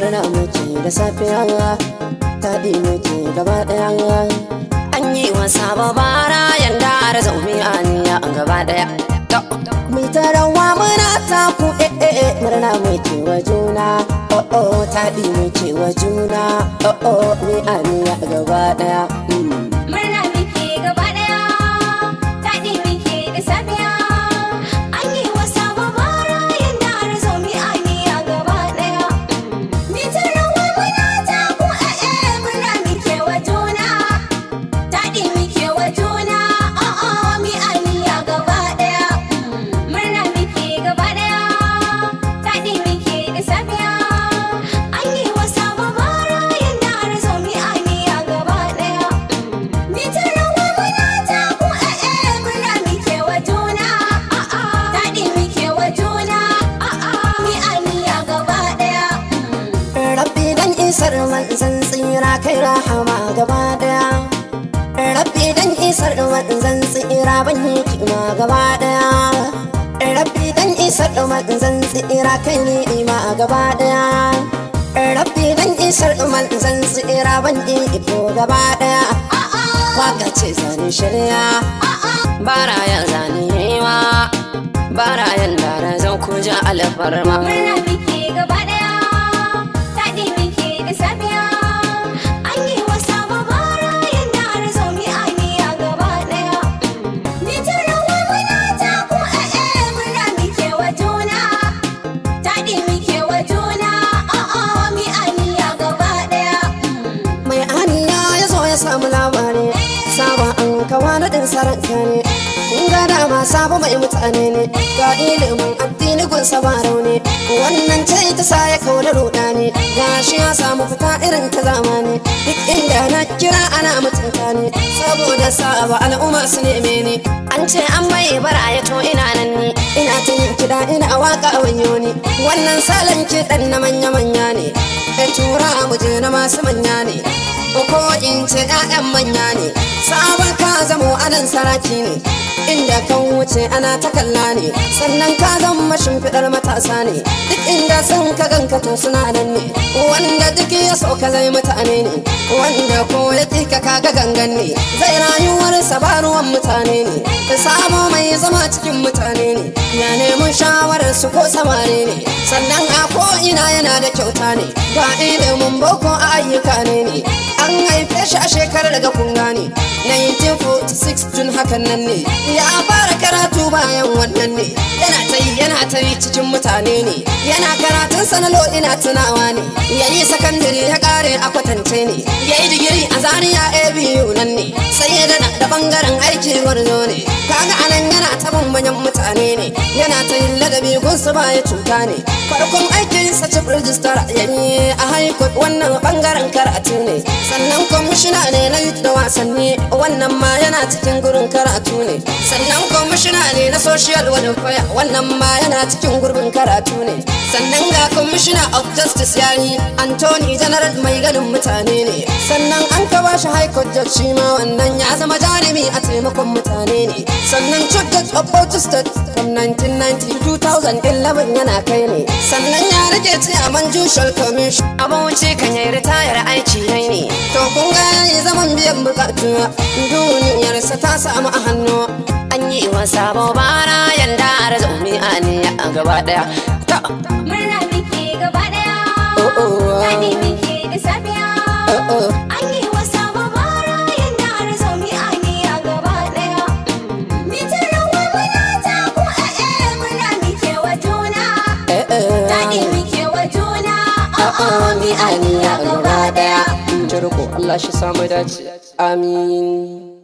murna muke da safiya taɗi muke gaba ɗaya an yi wasa babara yanda har zaumi an gaba ɗaya mai tarawa muna ta ku ee eh, eh, eh, murna muke wa juna oh oh taɗi muke wa juna oh oh mi aniya gaba ɗaya hmm. rahama gaba daya rabbi dan isar manzan tsira ban yi kima gaba daya rabbi dan isar manzan tsira kai ne ima gaba daya rabbi dan isar manzan tsira ban yi iko gaba daya waka ce zani shirya bara ya zani yiwa bara yan lara zan kuja alfarma tsane kun ga dama sabu mai mutane ne ga ilimin addini gun sabaro ne wannan ce ita sa ya kauna roda ne shi ya samu fita irin ta zamani duk inda na kira ana mutunta ne saboda saba al'umma su neme ne an ce an mai bar ya ina nan ne ina tun kida ina waka a wanyo ne wannan salon dan na manya-manya ne ya tura mu je na masu manya ne ko in ce 'ya'yan manya ne malam saraki ne inda kan wuce ana ta kalla ne sannan ka mashin fidar matasa ne duk inda sun ka ganka to suna nan ne wanda duk ya so ka zai mutane ne wanda ko ya ka kaga gangan ne zai rayuwar ba mutane ne ta samo mai zama cikin mutane ne ya nemi shawarar su ko samare ne sannan kyauta ne ba ilimin boko a ayyuka ne ne an haife shi a shekarar ga kunga ne 1946 tun hakan nan ne ya fara karatu bayan wannan ne yana ta yi yana ta yi cikin mutane ne yana karatun sanalo ina tunawa ne ya yi sakandare ya kare a kwatance ne ya yi digiri a zariya abu nan ne sai ya dana da bangaren aiki gwarzo ne kaga anan yana ta bambanyan mutane yana ta yin ladabi gunsu ba ya cuta ne farkon aikin sa cif rijistar yayi a haikot wannan bangaren karatu ne sannan kwamishina ne na da wasanni wannan ma yana cikin gurin karatu ne sannan kwamishina ne na social welfare wannan ma yana cikin gurbin karatu ne sannan ga kwamishina of justice yayi antony general mai ganin mutane ne ka ba shi high court judge shi ma wannan ya zama jarumi a taimakon mutane ne sannan chief judge of Bauchi state from 1990 to 2011 yana kai ne sannan ya rike chairman judicial commission abauci kan yi ritayar aiki ne ne to kun ga yi zaman biyan bukatu sa ta samu a hannu an yi wa sabo bara yanda arzumi a ne a gaba daya murna biki gaba daya oh, oh, oh. amin Allah gaba daya. Allah shi samu dace. Amin.